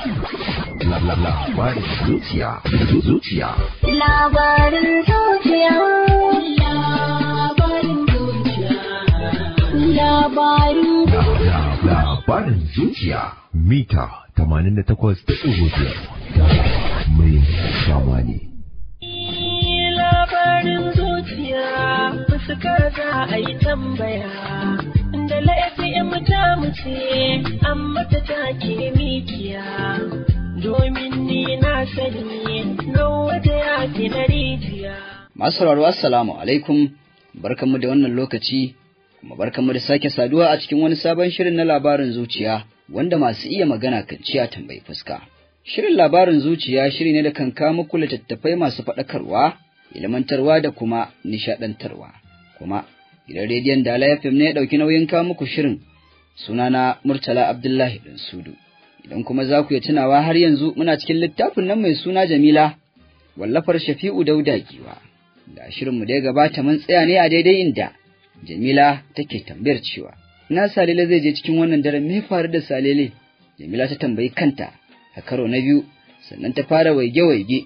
Labarin zuciya, zuciya. Labarin zuciya. Labarin zuciya. Labarin zuciya. Labarin zuciya. Mita da Mai shamani. Labarin zuciya, fuskar za a yi tambaya. ta mace an mata take mikiya domin ni na sani nawa Masu sauraro assalamu alaikum barkanmu da wannan lokaci kuma barkanmu da sake saduwa a cikin wani sabon shirin na labarin zuciya wanda masu iya magana kan ciya tambayi fuska. Shirin labarin zuciya shiri ne da kan kawo muku littattafai masu faɗakarwa, ilimantarwa da kuma nishaɗantarwa. Kuma gidan rediyon Dala FM ne ya ɗauki nauyin kawo muku shirin sunana Murtala Abdullahi bin Sudu. Idan kuma za ku yi tunawa har yanzu muna cikin littafin nan mai suna Jamila, wallafar Shafi'u Dauda Giwa. Da shirinmu da ya gabata mun tsaya ne a daidai inda Jamila take tambayar cewa, Ina Salele zai je cikin wannan daren me faru da Salele? Jamila ta tambayi kanta a karo na biyu, sannan ta fara waige-waige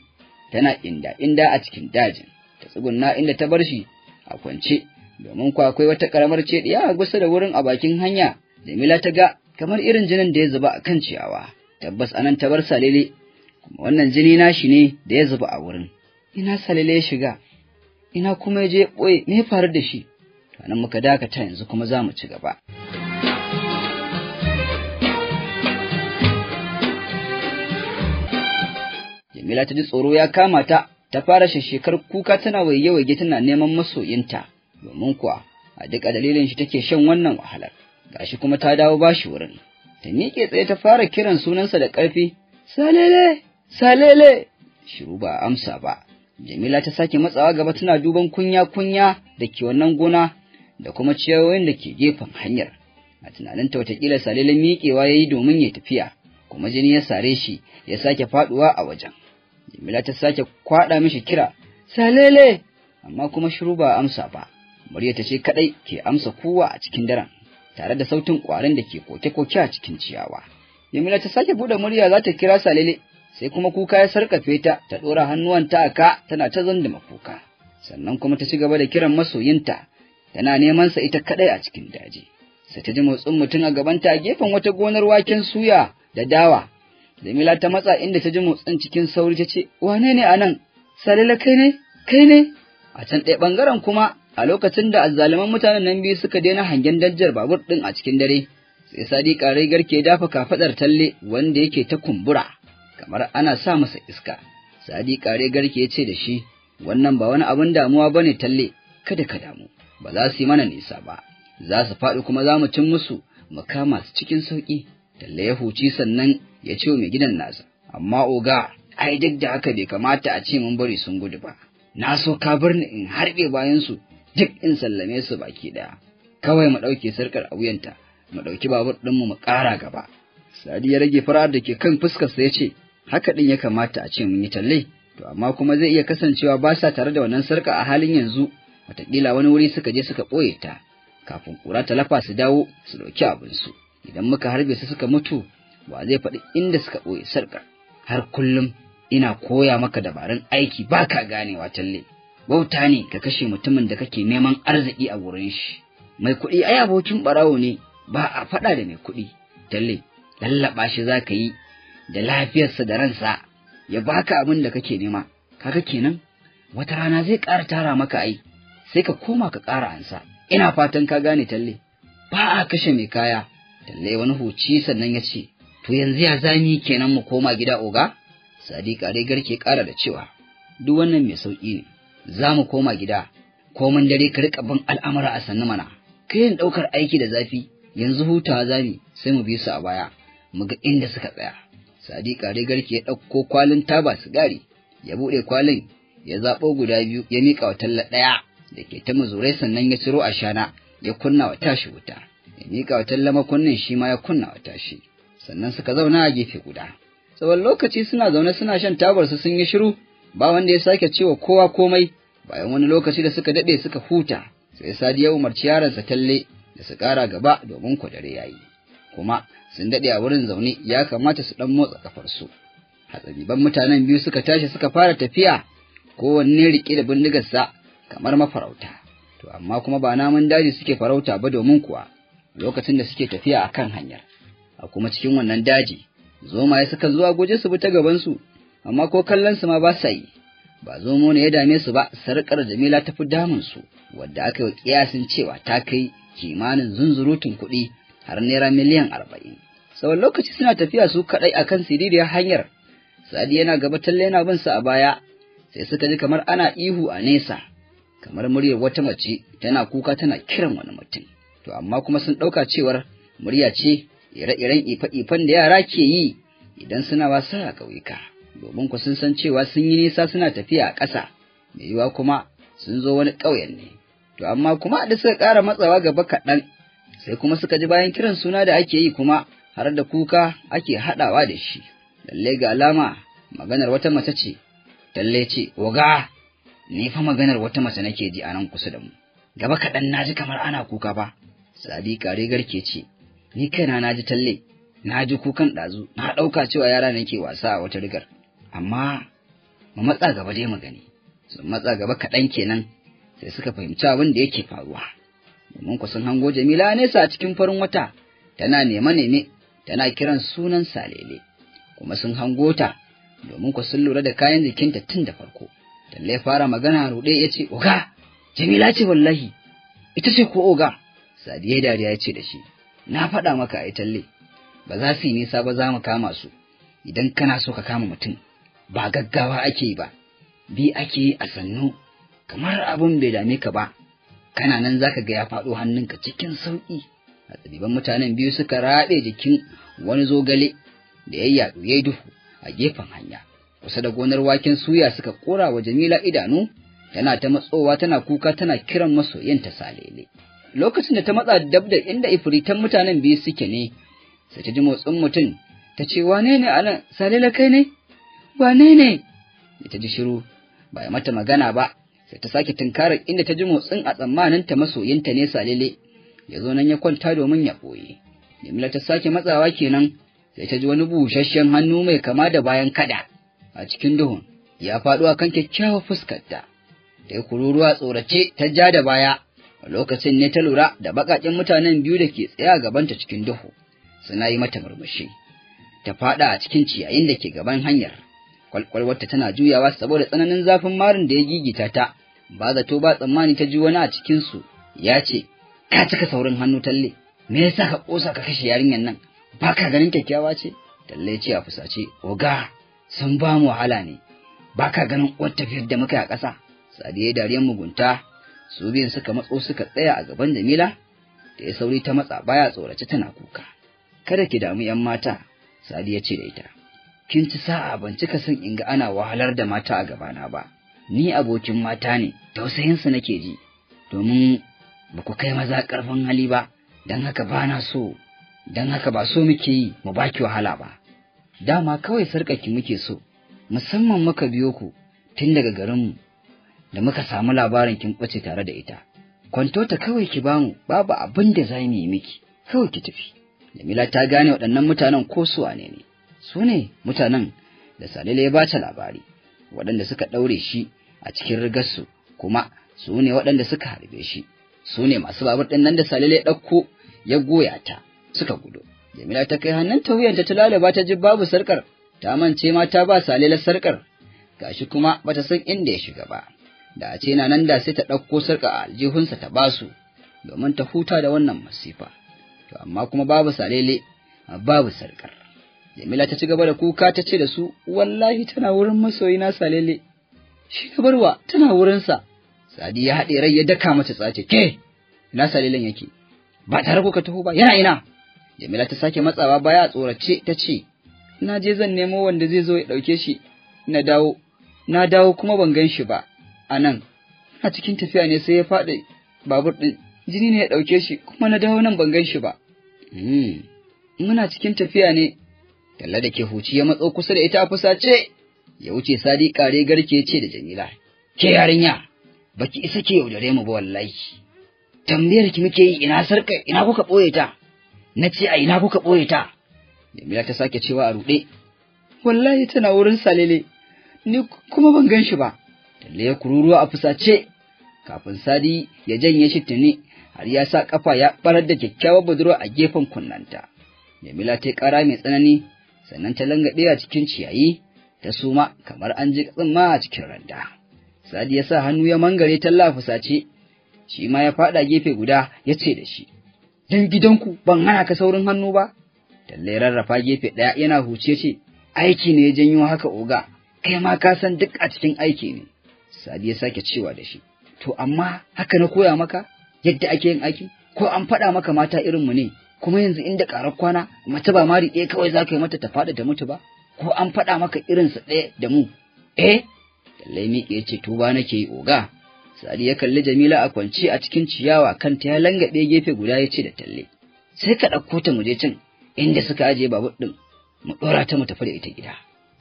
tana inda inda a cikin dajin, ta tsugunna inda ta bar shi a kwance, domin kwakwai akwai wata karamar cediya a gusa da wurin a bakin hanya Jamila ta ga kamar irin jinin da ya zuba a kan ciyawa, tabbas anan ta bar salele, kuma wannan jini shi ne da ya zuba a wurin. Ina salele ya shiga, ina kuma ya je ɓoye, me faru da shi? Nan muka dakata yanzu kuma za mu ci gaba. Jamila ta ji tsoro ya kama ta, ta fara shekar kuka tana waige-waige tana neman masoyinta, domin kuwa a duka dalilin shi take shan wannan wahalar. gashi kuma ta dawo bashi wurin. Ta miƙe tsaye ta fara kiran sunansa da ƙarfi, Salele, Salele, shiru ba amsa ba. Jamila ta sake matsawa gaba tana duban kunya-kunya da ke wannan gona da kuma ciyawoyin da ke gefen hanyar. A tunaninta watakila Salele miƙewa ya yi domin ya tafiya, kuma jini ya sare shi ya sake faɗuwa a wajen. Jamila ta sake kwaɗa mishi kira, Salele, amma kuma shiru ba amsa ba. Murya ta ce kaɗai ke amsa kowa a cikin daren. tare da sautin ƙwarin da ke koke-koke a cikin ciyawa. Jamila ta sake buɗe murya za ta kira Salele, sai kuma kuka ya sarƙafe ta, ta ɗora hannuwanta a ka tana ta zanduma kuka. Sannan kuma ta ci gaba da kiran masoyinta, tana neman sa ita kaɗai a cikin daji. Sai ta ji motsin mutum a gabanta a gefen wata gonar waken suya da dawa. Jamila ta matsa inda ta ji motsin cikin sauri ta ce, Wane ne a nan? Salele kai ne? Kai ne? A can ɗaya ɓangaren kuma a lokacin da azzaliman mutanen nan biyu suka daina hangen dajjar babur ɗin a cikin dare sai sadi ƙarai garke dafa kafaɗar talle wanda yake ta kumbura kamar ana sa masa iska sadi ƙarai garke ce da shi wannan ba wani abin damuwa ba ne, talle kada ka damu ba za su yi mana nisa ba za su faɗi kuma za mu cin musu mu kama su cikin sauƙi talle ya huci sannan ya ce mai gidan nasa amma oga ai duk da haka bai kamata a ce mun bari sun gudu ba na so ka bar in harbe bayansu. duk in sallame su baki ɗaya kawai mu ɗauke sarkar a wuyanta mu ɗauki babur ɗinmu mu kara gaba sadi ya rage fara'ar da ke kan fuskarsa ya ce haka din ya kamata a ce mun yi talle to amma kuma zai iya kasancewa ba sa tare da wannan sarka a halin yanzu wataƙila wani wuri suka je suka ɓoye ta kafin kura ta lafa su dawo su ɗauki abinsu idan muka harbe su suka mutu ba zai faɗi inda suka ɓoye sarkar har kullum ina koya maka dabarun aiki ba ka ganewa talle wauta ne ka kashe mutumin da kake neman arziki a wurin shi mai kuɗi ai abokin barawo ne ba a faɗa da mai kuɗi talle lallaɓa shi za ka yi da lafiyarsa da ransa ya baka abin da kake nema kaga kenan wata rana zai ƙara tara maka ai sai ka koma ka ƙara ansa ina fatan ka gane talle ba a kashe mai kaya talle wani huci sannan ya ce to yanzu ya zani kenan mu koma gida oga sadiqa dai garke ƙara da cewa duk wannan mai sauƙi ne za mu koma gida, komin dare ka riƙa ban al'amura a sannu mana, yin ɗaukar aiki da zafi, yanzu hutawa zami sai mu bi su a baya, mu ga inda suka tsaya. Sadiqa rigarki ya ɗauko kwalin taba sigari, ya buɗe kwalin, ya zaɓo guda biyu ya miƙa wa talla ɗaya da ke ta mazurai sannan ya ciro a shana ya kunna wa tashi wuta, ya miƙa wa talla makunnin shi ma ya kunna wa tashi, sannan suka zauna a gefe guda. Tsawon lokaci suna zaune suna shan tabarsu sun yi shiru, ba wanda ya sake cewa kowa komai bayan wani lokaci da suka daɗe suka huta sai sadi ya umarci yaransa talle da su ƙara gaba domin kwadare yayi kuma sun daɗe a wurin zaune ya kamata su ɗan motsa kafarsu hatsabiban mutanen biyu suka tashi suka fara tafiya kowanne riƙe da bindigar sa kamar mafarauta to amma kuma ba namun daji suke farauta ba domin kuwa lokacin da suke tafiya a kan hanyar a kuma cikin wannan daji zoma ya suka zuwa guje su bi ta gabansu amma ko kallon su ma ba sa yi ba zomo ne ya dame su ba sarƙar jamila ta fi damun su wadda aka yi kiyasin cewa ta kai kimanin zunzurutun kuɗi har naira miliyan arba'in tsawon lokaci suna tafiya su kaɗai akan siririyar hanyar sadi yana gaba talle yana bin su a baya sai suka ji kamar ana ihu a nesa kamar muryar wata mace tana kuka tana kiran wani mutum to amma kuma sun ɗauka cewar murya ce ire-iren ifa-ifan da yara ke yi idan suna wasa a ƙauyuka. domin ku sun san cewa sun yi nisa suna tafiya a ƙasa, mai yiwa kuma sun zo wani ƙauyen ne. To amma kuma da suka ƙara matsawa gaba kaɗan, sai kuma suka ji bayan kiran suna da ake yi kuma har da kuka ake haɗawa da shi. Lalle ga alama maganar wata mace ce, talle ce, oga ni fa maganar wata mace nake ji a nan kusa da mu. Gaba kaɗan na ji kamar ana kuka ba, sadi rigar ke ce, ni kaina na ji talle, na ji kukan ɗazu, na ɗauka cewa yara nake wasa a wata rigar. amma mu matsa gaba dai mu gani sun matsa gaba kaɗan kenan sai suka fahimci abin da yake faruwa domin ku sun hango jamila nesa a cikin farin wata tana neme neme tana kiran sunan salele kuma sun hango ta domin ku sun lura da kayan jikinta tun da farko talle fara magana ruɗe ya ce oga jamila ce wallahi ita ce ko oga sadiya dariya ya ce da shi na faɗa maka a talle ba za su yi nisa ba za mu kama su idan kana so ka kama mutum ba gaggawa ake ba bi ake a sannu kamar abin bai dame ka ba kana nan zaka ga ya faɗo hannunka cikin sauƙi a tsibiban mutanen biyu suka raɓe jikin wani zogale da ya yaɗu ya duhu a gefen hanya kusa da gonar waken suya suka ƙora wa jamila idanu tana ta matsowa tana kuka tana kiran masoyinta salele lokacin da ta matsa dab da inda ifritan mutanen biyu suke ne sai ta ji motsin mutum ta ce wane ne nan salele kai ne wane ne da ta ji shiru ba ya mata magana ba sai ta sake tunkarar inda ta ji motsin a tsammaninta masoyinta nesa lele. ya zo nan ya kwanta domin ya ɓoye. Jamila ta sake matsawa kenan sai ta ji wani busasshen hannu mai kama da bayan kada a cikin duhun ya faɗo kan kyakkyawar fuskarta ta yi kururuwa tsorace ta ja da baya a lokacin ne ta lura da baƙaƙen mutanen biyu da ke tsaye a gabanta cikin duhu suna yi mata murmushi ta faɗa a cikin ciyayin da ke gaban hanyar kwalkwalwarta tana juyawa saboda tsananin zafin marin da ya gigita ta ba zato ba tsammani ta ji wani a cikin su ya ce ka cika saurin hannu talle me yasa ka kosa ka kashe yarinyar nan ba ka ganin kyakkyawa ce talle ce a fusace oga sun ba mu wahala ne ba ka ganin wata tafiyar da muka yi a ƙasa sadiya dariyar mugunta su biyun suka matso suka tsaya a gaban jamila da ya sauri ta matsa baya tsorace tana kuka kada ki damu yan mata sadiya ce da ita kin ci sa'a ban cika son in ga ana wahalar da mata a gabana ba ni abokin mata ne tausayinsu nake ji domin ba ku kai maza ƙarfin hali ba don haka ba na so don haka ba so muke yi mu baki wahala ba dama kawai sarƙaki muke so musamman muka biyo ku tun daga garinmu da muka samu labarin kin ɓace tare da ita kwanto ta kawai ki bamu babu abin da za mu yi miki kawai ki tafi jamila ta gane waɗannan mutanen ko su wane ne su ne mutanen da Salele ya bata labari waɗanda suka ɗaure shi a cikin rigarsu kuma su ne waɗanda suka harbe shi su ne masu babur ɗin nan da Salele ya ɗauko ya goya ta suka gudu Jamila ta kai hannun ta wuyanta ta lalaba ta ji babu sarkar ta mance ma ta ba Salele sarkar gashi kuma bata san inda ya shiga ba da a ce na nan da sai ta ɗauko sarka a aljihunsa ta basu domin ta huta da wannan masifa to amma kuma babu Salele babu sarkar Jamila ta ci gaba da kuka ta ce da su, wallahi tana wurin na salele, shi barwa tana wurinsa. Sadi ya haɗe rai ya daka mata tsace, ke, ina salelen yake, ba tare kuka taho ba, yana ina. Jamila ta sake matsawa baya a tsorace ta ce, na je zan nemo wanda zai zo ya ɗauke shi, na dawo, na dawo kuma ban gan shi ba, a nan, a cikin tafiya ne sai ya faɗi babur ɗin, jini ne ya ɗauke shi, kuma na dawo nan ban gan shi ba. Hmm. Muna cikin tafiya ne, Talla da ke huci ya matso kusa da ita a fusace, ya wuce sadi kare garke ce da Jamila. Ke yarinya, baki isa ke yaudare mu ba wallahi. Tambayar ki muke yi ina sarka ina kuka ɓoye ta, na ce a ina kuka ɓoye ta. Jamila ta sake cewa a ruɗe. Wallahi tana wurin salele, ni kuma ban gan shi ba. Talle ya kururuwa a fusace, kafin sadi ya janye shi tuni har ya sa ƙafa ya ɓarar da kyakkyawar budurwa a gefen kunnanta. Jamila ta yi ƙara mai tsanani sannan ta langaɗe a cikin ciyayi ta suma kamar an ji tsimma a cikin randa sadi ya sa hannu ya mangare talla fusace shi ma ya faɗa gefe guda ya ce da shi dan gidanku ban hana ka saurin hannu ba talla ya rarrafa gefe ɗaya yana huce ce aiki ne ya janyo haka oga kai ma ka san duk a cikin aiki ne sadi ya sake cewa da shi to amma haka na koya maka yadda ake yin aiki ko an faɗa maka mata irinmu ne kuma yanzu inda ƙarar kwana mace ba mari ɗaya kawai za ka yi mata ta faɗi da mutu ba ko an faɗa maka irinsa ɗaya da mu eh lallai miƙe ya ce tuba nake yi oga sadi ya kalli jamila a kwanci a cikin ciyawa kan ta ya langaɗe gefe guda ya ce da talle sai ka ɗauko ta muje cin inda suka ajiye babur ɗin mu ɗora ta mu tafi da ita gida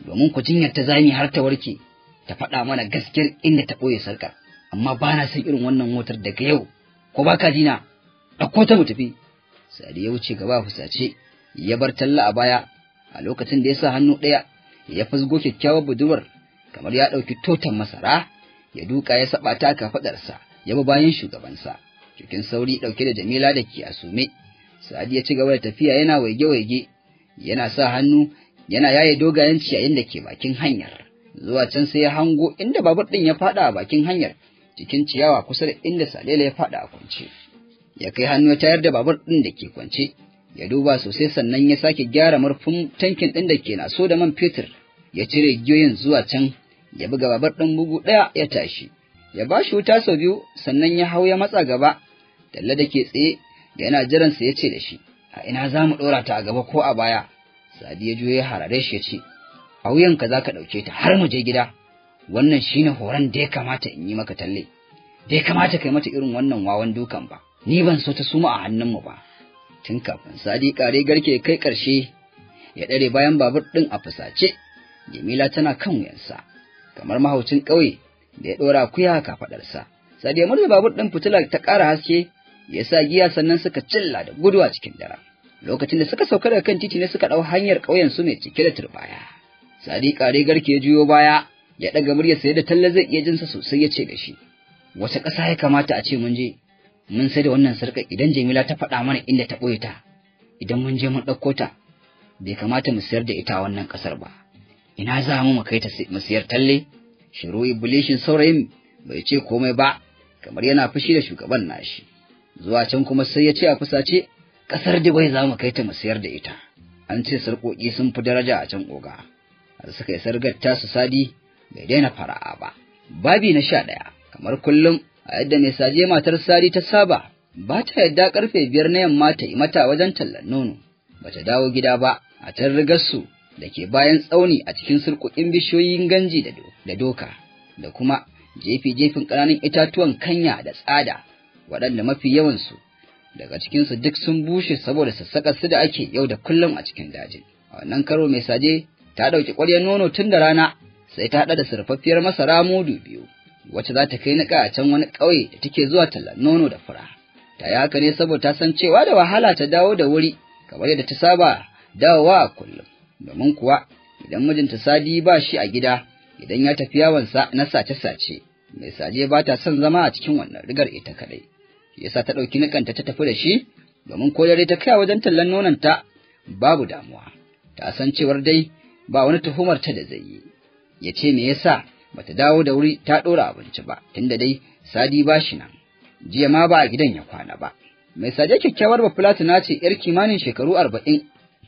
domin ku jinyar ta zami har ta warke ta faɗa mana gaskiyar inda ta ɓoye sarka amma ba na son irin wannan motar daga yau ko ba ka jina ɗauko ta mu tafi sai ya wuce gaba fusace ya bar talla a baya a lokacin da ya sa hannu ɗaya ya fasgo kyakkyawar budurwar kamar ya ɗauki totan masara ya duka ya saba ta kafaɗarsa ya bi bayan shugabansa cikin sauri ɗauke da jamila da ke asume sadi ya ci gaba da tafiya yana waige-waige yana sa hannu yana yaye dogayen ciyayin da ke bakin hanyar zuwa can sai ya hango inda babur ɗin ya faɗa a bakin hanyar cikin ciyawa kusa da inda salela ya faɗa a kwance. ya kai hannu ya tayar da babur ɗin da ke kwance, ya duba sosai sannan ya sake gyara murfin tankin ɗin da ke naso da man fetur, ya cire giyoyin zuwa can, ya buga babur ɗin bugu ɗaya ya tashi, ya ba shi wuta sau biyu sannan ya hau ya matsa gaba, talla da ke tsaye da yana jiransa ya ce da shi, a ina za mu ɗora ta a gaba ko a baya, Sadi ya juya harare shi ya ce, a wuyanka za ka ɗauke ta har mu je gida, wannan shine horon da ya kamata in yi maka talle, da ya kamata kai mata irin wannan wawan dukan ba. ni ban so ta suma a hannunmu ba tun kafin sadi kare garke kai ƙarshe ya ɗare bayan babur ɗin a fusace jamila tana kan wuyansa kamar mahaucin ƙauye da ya ɗora kuya kafaɗarsa sadi ya murza babur ɗin fitila ta ƙara haske ya sa giya sannan suka cilla da gudu a cikin dara lokacin da suka sauka daga kan titi ne suka ɗau hanyar ƙauyen su mai cike da turbaya sadi kare garke ya juyo baya ya ɗaga muryarsa yadda talla zai iya jinsa sosai ya ce da shi wace ƙasa ya kamata a ce mun je mun sai da wannan sarka idan Jamila ta faɗa mana inda ta ɓoye ta idan mun je mun ɗauko ta bai kamata mu sayar da ita a wannan ƙasar ba ina za mu kai ta mu siyar talle shiru ibilishin saurayin bai ce komai ba kamar yana fushi da shugaban nashi zuwa can kuma sai ya ce a fusace ƙasar bai za mu kai ta mu sayar da ita an ce sarƙoƙi sun fi daraja a can oga har suka yi sargar su sadi bai daina fara'a ba babi na sha ɗaya kamar kullum a yadda mai saje matar sari ta saba ba ta yadda karfe biyar na yamma ta yi mata wajen tallan nono ba ta dawo gida ba a can rigarsu da ke bayan tsauni a cikin surkukin bishiyoyin ganji da doka da kuma jefi-jefin ƙananan itatuwan kanya da tsada waɗanda mafi yawansu daga cikinsu duk sun bushe saboda sassaƙar su da ake yau da kullum a cikin dajin a wannan karo mai saje ta ɗauki ƙwaryar nono tun da rana sai ta haɗa da surfaffiyar masara mudu biyu wacce za ta kai niƙa a can wani ƙauye da take zuwa tallan nono da fura. Ta yi haka ne saboda ta san cewa da wahala ta dawo da wuri, kamar yadda ta saba dawowa a kullum. Domin kuwa, idan mijinta Sadi ba shi a gida, idan ya tafi yawansa na sace-sace, mai saje ba ta son zama a cikin wannan rigar ita kaɗai. Yasa ta ɗauki niƙanta ta tafi da shi, domin ko dare ta kai wajen tallan nonon ta babu damuwa. Ta san cewar dai ba wani tuhumar ta da zai yi. Ya ce me yasa bata dawo da wuri ta ɗora abinci ba tunda dai sadi ba shi nan jiya ma ba a gidan ya kwana ba mai sade kyakkyawar na ce yar kimanin shekaru arba'in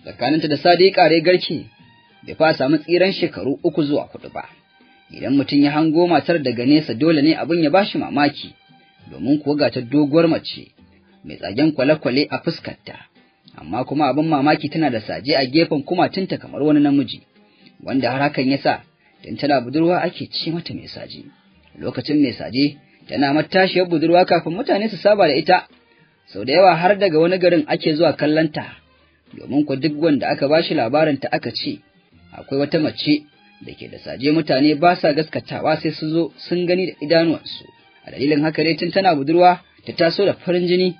tsakaninta da sadi kare garki bai fa samu tsiran shekaru uku zuwa hudu ba idan mutum ya hango matar daga nesa dole ne abin ya bashi mamaki domin kuwa ga ta doguwar mace mai tsagen kwale-kwale a fuskarta amma kuma abin mamaki tana da saje a gefen kumatunta kamar wani namiji wanda har hakan ya sa tun tana budurwa ake ci mata mai saje lokacin mai saje tana matashiyar budurwa kafin mutane su saba da ita sau da yawa har daga wani garin ake zuwa kallanta domin ku duk wanda aka bashi labarin ta aka ce akwai wata mace da ke da saje mutane ba sa gaskatawa sai su zo sun gani da idanuwansu a dalilin haka dai tun tana budurwa ta taso da farin jini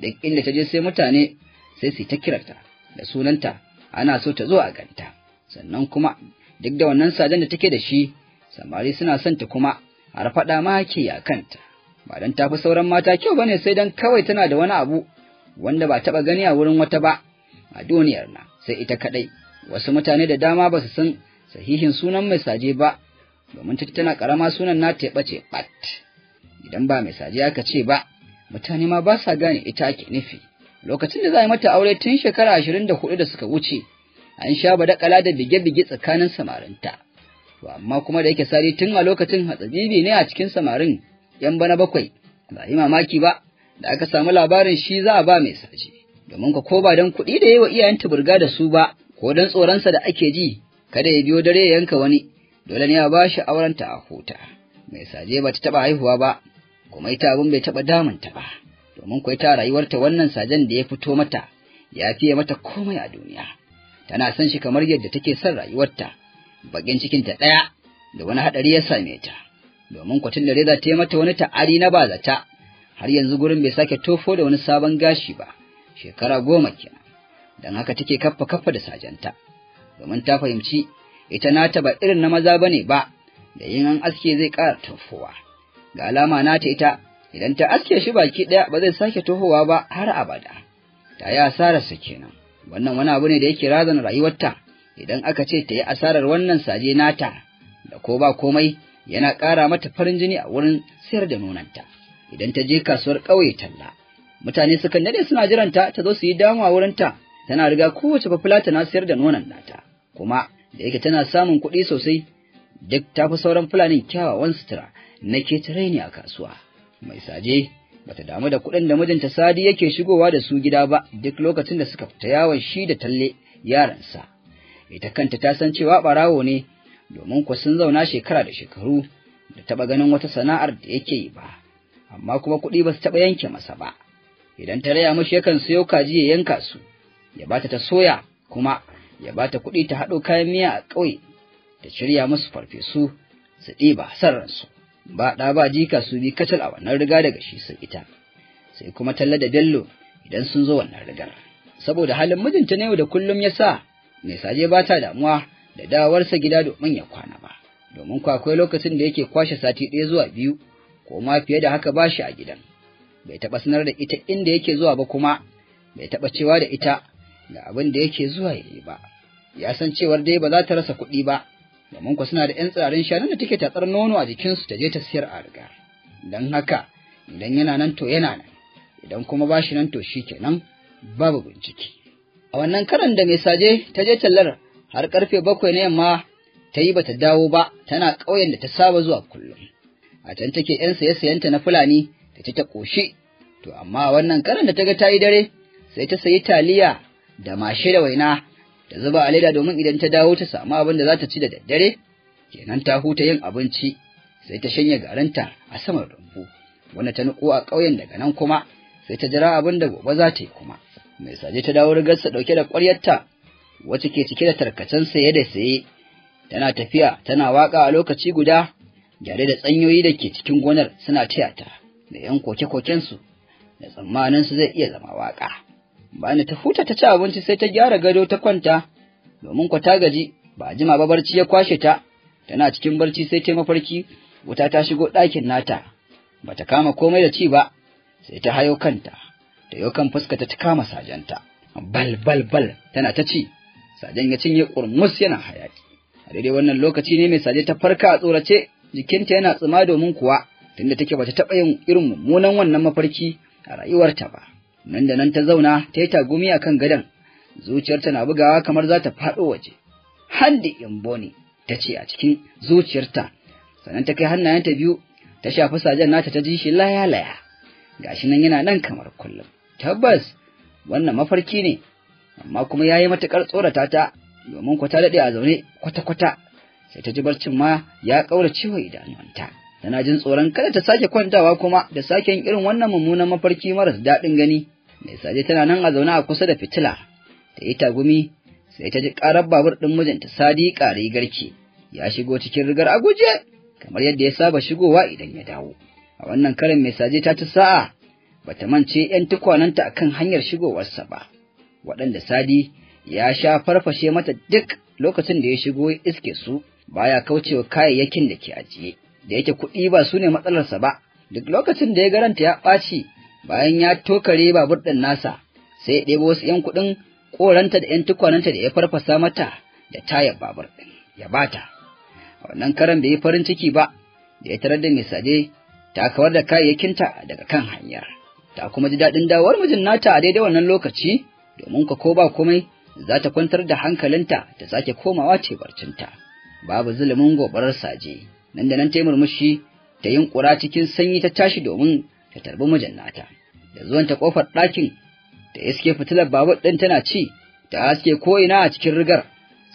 da inda ta je sai mutane sai su ta kirarta da sunanta ana so ta zo a ganta sannan kuma duk da wannan sadan da take da shi samari suna son ta kuma har faɗa ma ke a kanta ba don tafi sauran mata kyau bane sai dan kawai tana da wani abu wanda ba taɓa gani a wurin wata ba a duniyar na sai ita kaɗai wasu mutane da dama ba su san sahihin sunan mai saje ba domin ta tana ƙarama sunan na ta ɓace ɓat idan ba mai saje aka ce ba mutane ma ba sa gane ita ake nufi lokacin da za a yi mata aure tun shekara ashirin da hudu da suka wuce an sha badakala da bige-bige tsakanin samarinta. To amma kuma da yake sari tun a lokacin hatsabibi ne a cikin samarin ‘yan bana bakwai, ba yi mamaki ba, da aka samu labarin shi za a ba mai sace, domin ka ko ba don kuɗi da yi wa iyayenta burga da su ba, ko don tsoronsa da ake ji, kada ya biyo dare ya yanka wani, dole ne a ba shi aurenta a huta. Mai saje ba ta taɓa haihuwa ba, kuma ita abin bai taɓa ta ba, domin kuwa ita rayuwarta wannan sajen da ya fito mata, ya fiye mata komai a duniya. tana son shi kamar yadda take son rayuwarta bakin cikinta ɗaya da wani haɗari ya same ta domin kwatin da reza ta yi mata wani ta'ari na bazata har yanzu gurin bai sake tofo da wani sabon gashi ba shekara goma kenan don haka take kaffa kaffa da sajanta domin ta fahimci ita nata ba irin na maza bane ba da yin an aske zai ƙara tofowa ga alama nata ita idan ta aske shi baki ɗaya ba zai sake tohowa ba har abada ta yi asararsa kenan wannan wani abu ne da yake razana rayuwarta idan aka ce ta yi asarar wannan saje nata da ko ba komai yana ƙara mata farin jini a wurin sayar da nonanta idan ta je kasuwar ƙauye talla mutane sukan dade suna jiranta ta zo su yi damu a wurinta tana riga kowace fafulatana na sayar da nonan nata kuma da yake tana samun kuɗi sosai duk tafi sauran fulanin kyawawan sutura na ketare ne a kasuwa mai saje bata damu da kuɗin da mijinta Sadi yake shigowa da su gida ba duk lokacin da suka fita yawon shi da talle yaransa. Ita kanta ta san cewa ɓarawo ne, domin ku sun zauna shekara da shekaru da taɓa ganin wata sana'ar da yake yi ba, amma kuma kuɗi ba su taɓa yanke masa ba. Idan ta raya mashi yakan siyo kaji ya yanka su, ya ba ta soya kuma ya ba ta kuɗi ta haɗo kayan miya a ƙauye, ta shirya musu farfesu su ɗiba san ransu. ba ɗa ba jika su bi kacal a wannan riga daga shi sai ita sai kuma talla da bello idan sun zo wannan rigar saboda halin mijinta na yau da kullum ya sa mai saje ba ta damuwa da dawarsa gida domin ya kwana ba domin ku akwai lokacin da yake kwashe sati ɗaya zuwa biyu ko ma fiye da haka ba shi a gidan bai taɓa sanar da ita inda yake zuwa ba kuma bai taɓa cewa da ita da abin da yake zuwa yayi ba ya san cewar dai ba za ta rasa kuɗi ba domin ku suna da ‘yan tsirarin shanun da take tatsar nono a jikinsu ta je ta siyar a riga. Don haka, idan yana nan to yana nan, idan kuma ba shi nan to shi ke nan, babu bincike. A wannan karan da mai saje ta je tallar har karfe bakwai na yamma ta yi bata dawo ba tana ƙauyen da ta saba zuwa kullum. A can take ‘yan saye-sayenta na Fulani da ta ta ƙoshi, to amma wannan karan da ta ga ta yi dare sai ta sayi taliya da mashe da waina ta zuba a leda domin idan ta dawo ta samu abin da za ta ci da daddare kenan ta huta yin abinci sai ta shanya garinta a saman rumbu wanda ta nuko a ƙauyen daga nan kuma sai ta jira abin da gobe za ta yi kuma mai saje ta dawo rigarsa ɗauke da ƙwaryarta wacce ke cike da tarkacen saye da saye tana tafiya tana waƙa a lokaci guda gyare da tsanyoyi da ke cikin gonar suna taya ta da yan koke-kokensu da tsammaninsu zai iya zama waƙa. Bayan ta huta ta ci abinci sai ta gyara gado ta kwanta, domin kwa ta gaji, ba a jima ba barci ya kwashe ta, tana cikin barci sai ta mafarki, wuta ta shigo ɗakin nata, ba ta kama komai da ci ba, sai ta hayo kanta, ta yau kan fuskata ta kama sajanta. Bal bal bal tana ta ci, sajan ya cinye ƙurmus yana hayaki. A daidai wannan lokaci ne mai saje ta farka a tsorace, jikinta yana tsima domin kuwa, tunda take bata taɓa yin irin mummunan wannan mafarki a rayuwarta ba. nan da nan ta zauna ta yi tagumi a kan gadon, zuciyarta na bugawa kamar za ta faɗo waje. Handi ne, ta ce a cikin zuciyarta, sannan ta kai hannayenta biyu ta shafi sajen nata ta ji shi laya-laya, shi nan yana nan kamar kullum. Tabbas, wannan mafarki ne, amma kuma ya yi matuƙar tsorata ta domin ta daɗe a zaune kwata-kwata, sai ta ji barcin ma ya ƙaura ciwo idanuwanta. Tana jin tsoron kada ta sake kwantawa kuma da saken irin wannan mummunan mafarki maras daɗin gani. mai saje tana nan a zauna a kusa da fitila ta yi tagumi sai ta ji karar babur ɗin mijinta Sadi sadiƙa garke. ya shigo cikin rigar aguje kamar yadda ya saba shigowa idan ya dawo a wannan karin mai saje ta ci sa'a bata mance ‘yan tukwananta a kan hanyar shigowarsa ba waɗanda sadi ya sha farfashe mata duk lokacin da ya shigo iske su baya kaucewa kayayyakin da ke ajiye da yake kuɗi ba su ne matsalarsa ba duk lokacin da ya garanta ya ɓaci bayan ya tokare babur ɗin nasa sai ya ɗebo wasu ‘yan kuɗin ƙoranta da ‘yan tukwananta da ya farfasa mata da tayar babur ɗin ya bata a wannan karan bai yi farin ciki ba da ya tarar da misale ta kawar da kayayyakinta daga kan hanyar ta kuma ji daɗin dawar mijin nata a daidai wannan lokaci domin ka ko ba komai za ta kwantar da hankalinta ta sake komawa tebarcinta babu zulumin gobarar saje nan da nan ta yi murmushi ta ƙura cikin sanyi ta tashi domin ta tarbi mijin nata da zuwanta kofar ɗakin da iske fitilar babur ɗin tana ci ta haske ko'ina a cikin rigar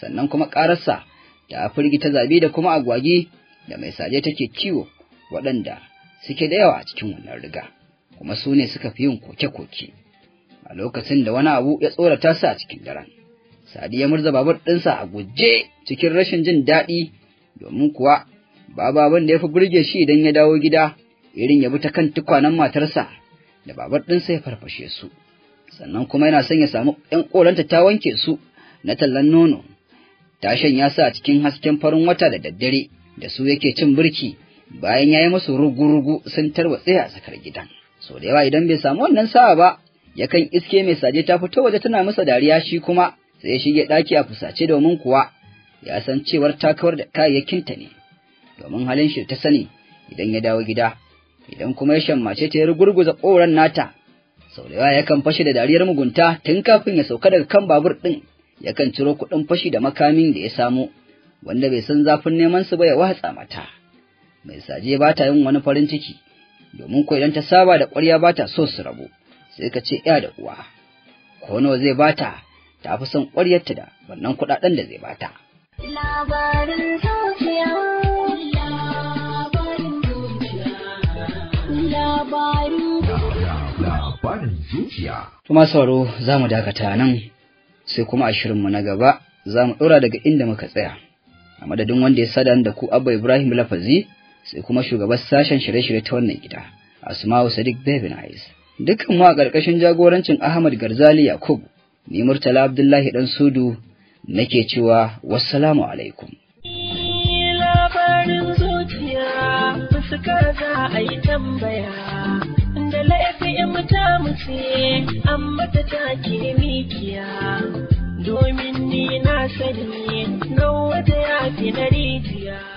sannan kuma ƙararsa da firgi ta zabi da kuma agwagi da mai saje take kiwo waɗanda suke da yawa a cikin wannan riga kuma su ne suka fi yin koke-koke a lokacin da wani abu ya tsorata su a cikin daren sadi ya murza babur ɗinsa a guje cikin rashin jin daɗi domin kuwa ba da ya fi burge shi idan ya dawo gida irin ya bi ta kan tukwanen matarsa da babar ɗinsa ya farfashe su sannan kuma yana son ya samu ‘yan ƙoranta ta wanke su na tallan nono tashan ya sa a cikin hasken farin wata da daddare da su yake cin birki bayan ya yi musu rugurugu, sun tarwatse a tsakar gidan so da yawa idan bai samu wannan sa'a ba yakan iske mai saje ta fito waje tana masa dariya shi kuma sai ya shige ɗaki a fusace domin kuwa ya san cewar takawar da kayayyakinta ne domin halin shi ta sani idan ya dawo gida idan kuma ya shammace ta ya rugurguza ƙoran nata sau da yawa yakan fashe da dariyar mugunta tun kafin ya sauka daga kan babur ɗin yakan ciro kuɗin fashi da makamin da ya samu wanda bai san zafin neman su ba ya watsa mata mai saje ba ta yin wani farin ciki domin ko idan ta saba da ƙwarya ba ta so su rabu sai ka ce ya da uwa ko nawa zai bata ta fi son ƙwaryarta da wannan kuɗaɗen da zai bata labarin labarin zuciya. Kuma sauro za mu dakata nan sai kuma ashirin mu na gaba za mu ɗora daga inda muka tsaya. A madadin wanda ya sadan da ku Abba Ibrahim Lafazi sai kuma shugaban sashen shirye-shirye ta wannan gida Asma'u Sadiq Babinais. Dukkan mu a ƙarƙashin jagorancin Ahmad Garzali Yakub ni Murtala Abdullahi Dan Sudu nake cewa wassalamu alaikum. Labarin zuciya fuskar za a yi tambaya da laifin ta mutse an mata take mikiya domin ni na sani nawa ta yafi na rijiya